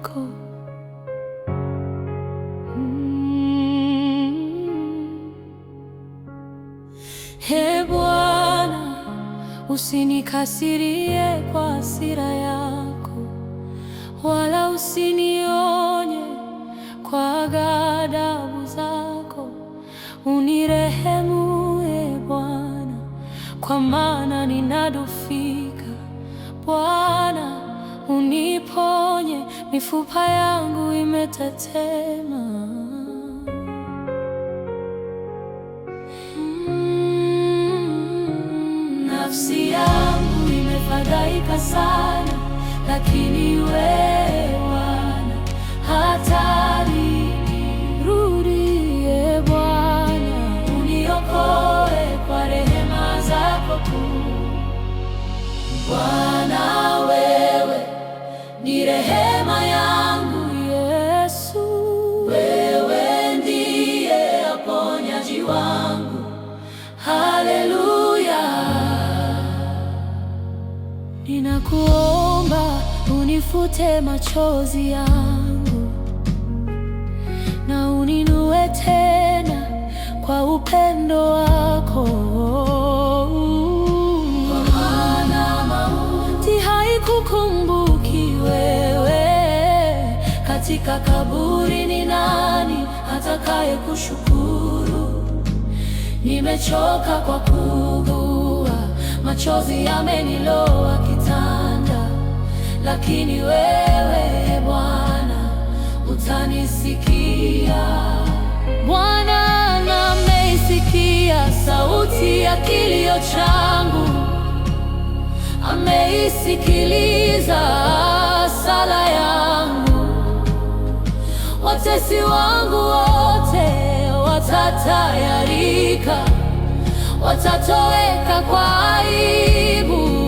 yako mm. usinikasirie kwa hasira yako, wala usinionye kwa ghadhabu zako. Unirehemu e Bwana, kwa maana ninadhoofika Bwana mifupa yangu imetetema. Mm, nafsi yangu imefadhaika sana, lakini wewe neema yangu Yesu, wewe ndiye aponyaji wangu. Haleluya, ninakuomba unifute machozi yangu na uninue tena kwa upendo wako. katika kaburi, ni nani atakaye kushukuru? Nimechoka kwa kuugua, machozi yameniloa kitanda, lakini wewe Bwana utanisikia. Bwana ameisikia sauti ya kilio changu, ameisikiliza sala ya Watesi wangu wote watatayarika, watatoweka kwa aibu.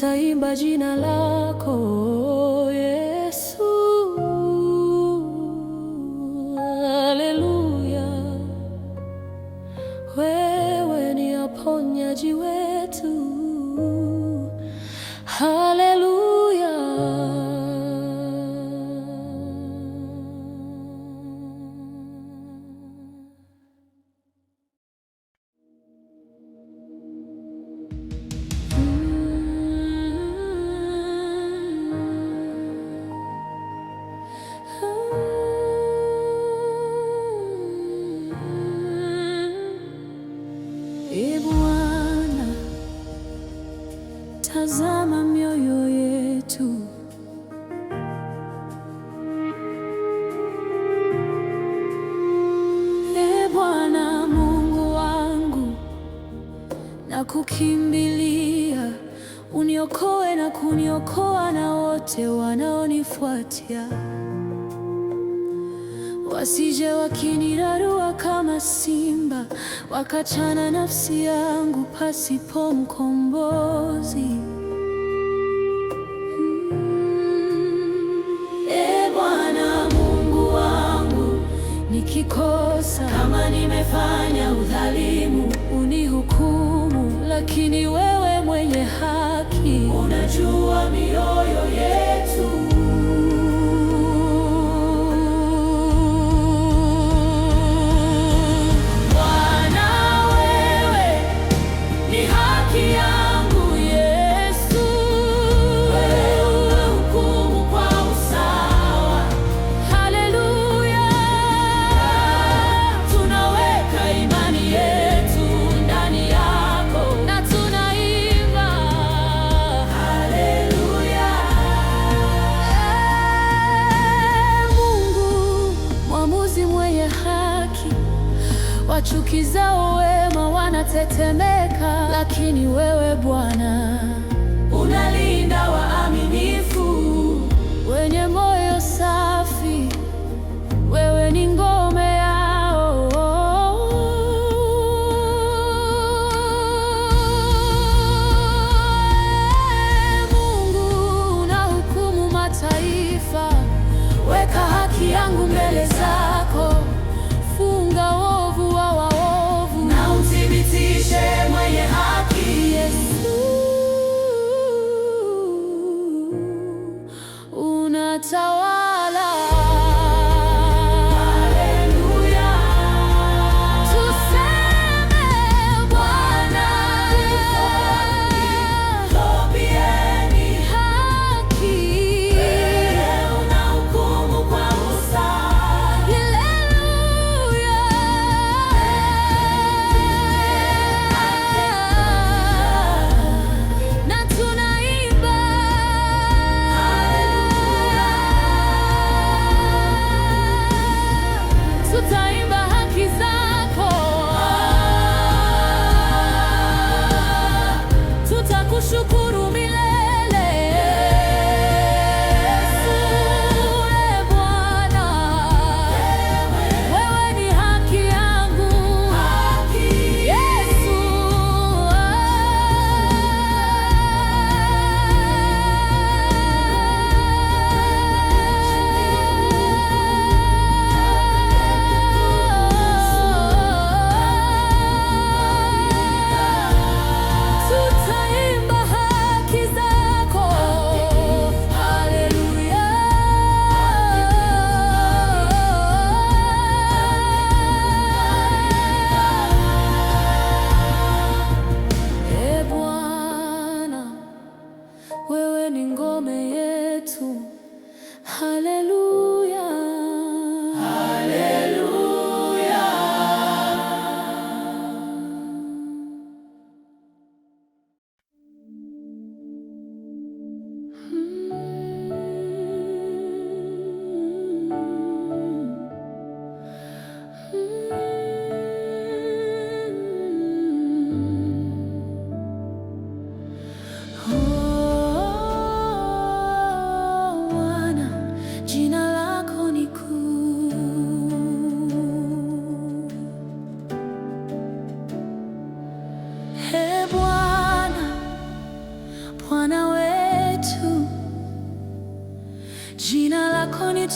nitaimba jina lako Yesu, haleluya. Wewe ni aponyaji wetu, haleluya. kukimbilia, uniokoe na kuniokoa na wote wanaonifuatia, wasije wakinirarua kama simba, wakachana nafsi yangu pasipo mkombozi. Mm. E nikikosa kama nimefanya udhalimu, unihukumu lakini wewe mwenye haki unajua chuki wema wanatetemeka, lakini wewe Bwana unalinda waaminifu wenye moyo safi.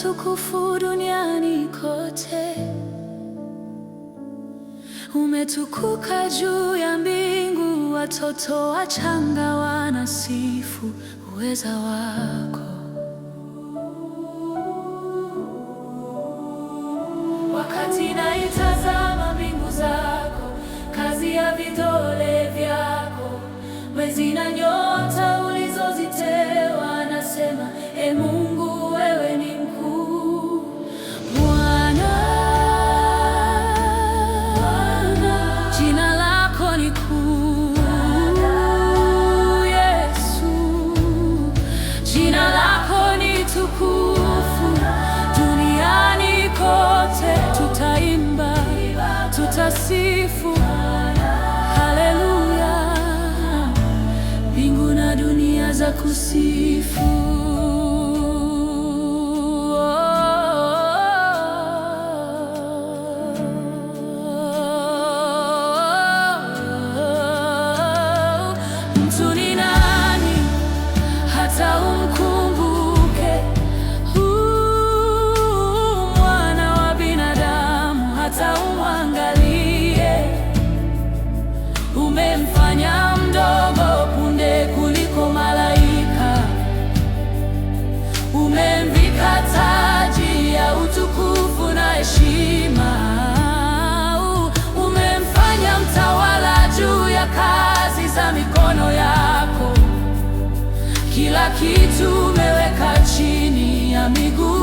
utukufu duniani kote, umetukuka juu ya mbingu. Watoto wachanga wanasifu uweza wao. kitu umeweka chini ya miguu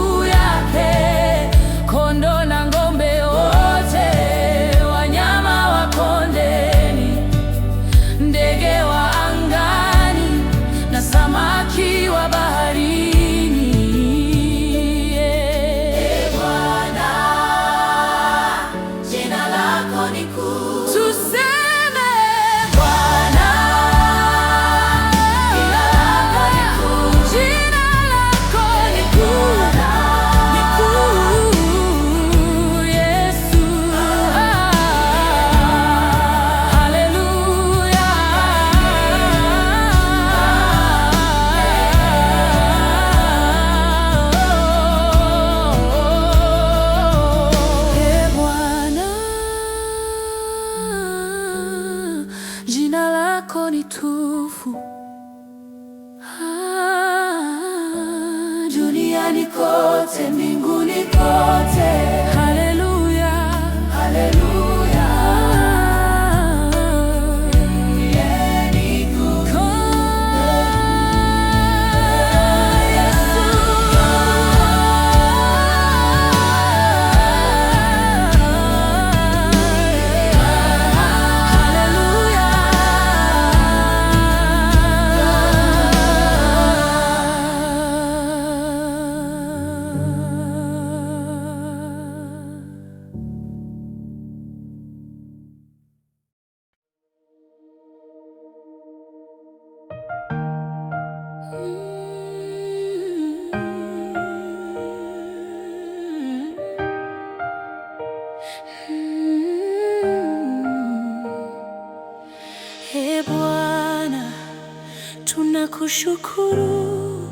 kushukuru,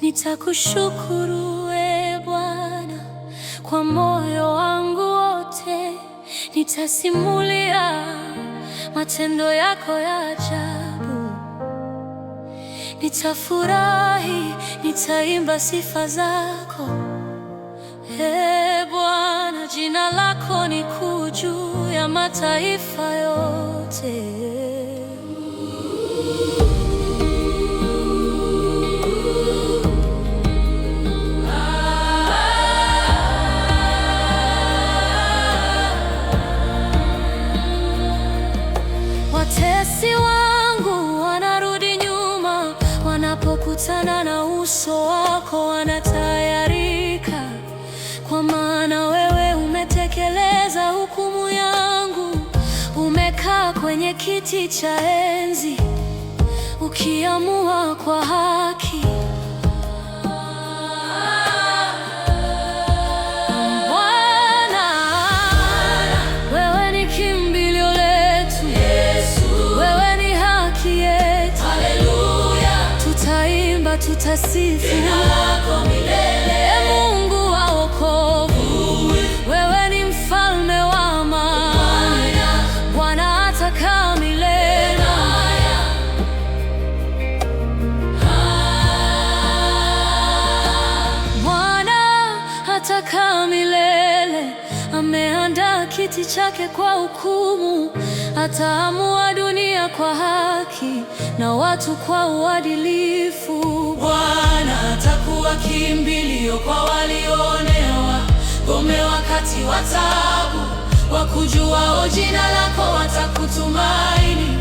nitakushukuru e Bwana kwa moyo wangu wote, nitasimulia matendo yako ya ajabu, nitafurahi, nitaimba sifa zako e Bwana. Jina lako ni kuu juu ya mataifa yote. wako wanatayarika, kwa maana wewe umetekeleza hukumu yangu. Umekaa kwenye kiti cha enzi ukiamua kwa haki. sifa jina lako milele, e Mungu wa wokovu, wewe ni mfalme wa amani, Bwana atakaa milele. Bwana atakaa milele, ameandaa kiti chake kwa hukumu, ataamua kutenda kwa haki na watu kwa uadilifu. Bwana atakuwa kimbilio kwa walioonewa ngome wakati wa taabu. Wakujuao jina lako watakutumaini,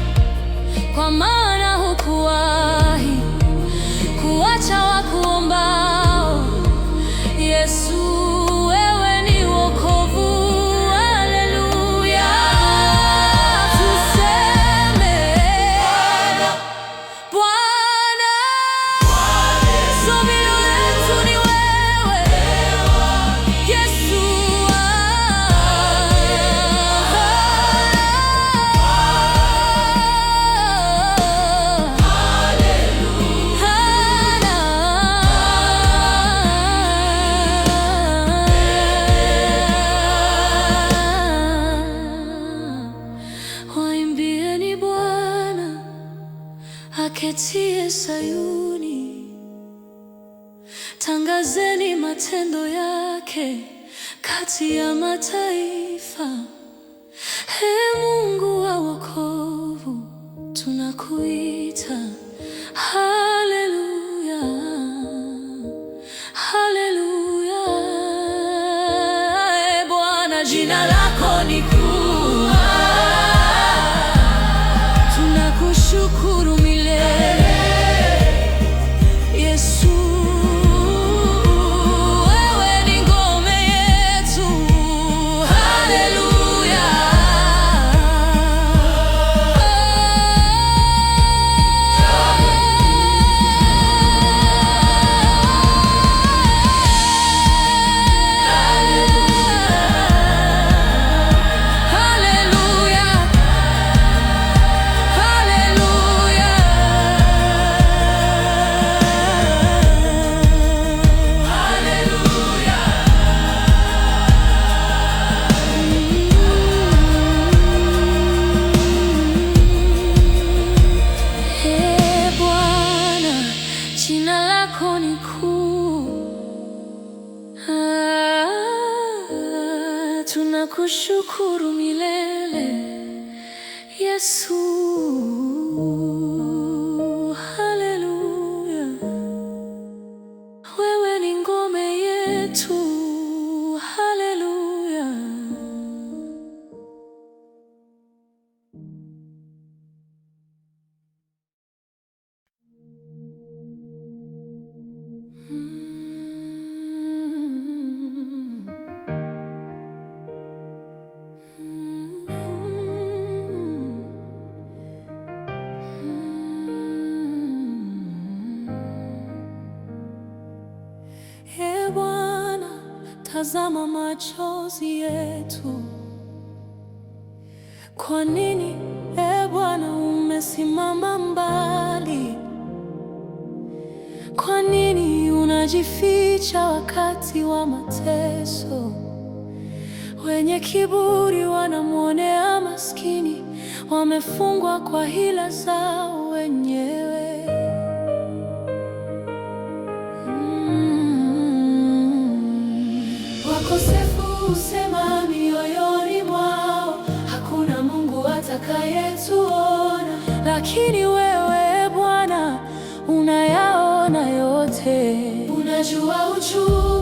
kwa maana hukuwahi kuacha wakuombao Yesu. tangazeni matendo yake kati ya mataifa. Ee Mungu wa wokovu, tunakuita. nuru milele Yesu Bwana, tazama machozi yetu. Kwa nini e Bwana umesimama mbali? Kwa nini unajificha wakati wa mateso? Wenye kiburi wanamwonea maskini, wamefungwa kwa hila zao. o Júlio.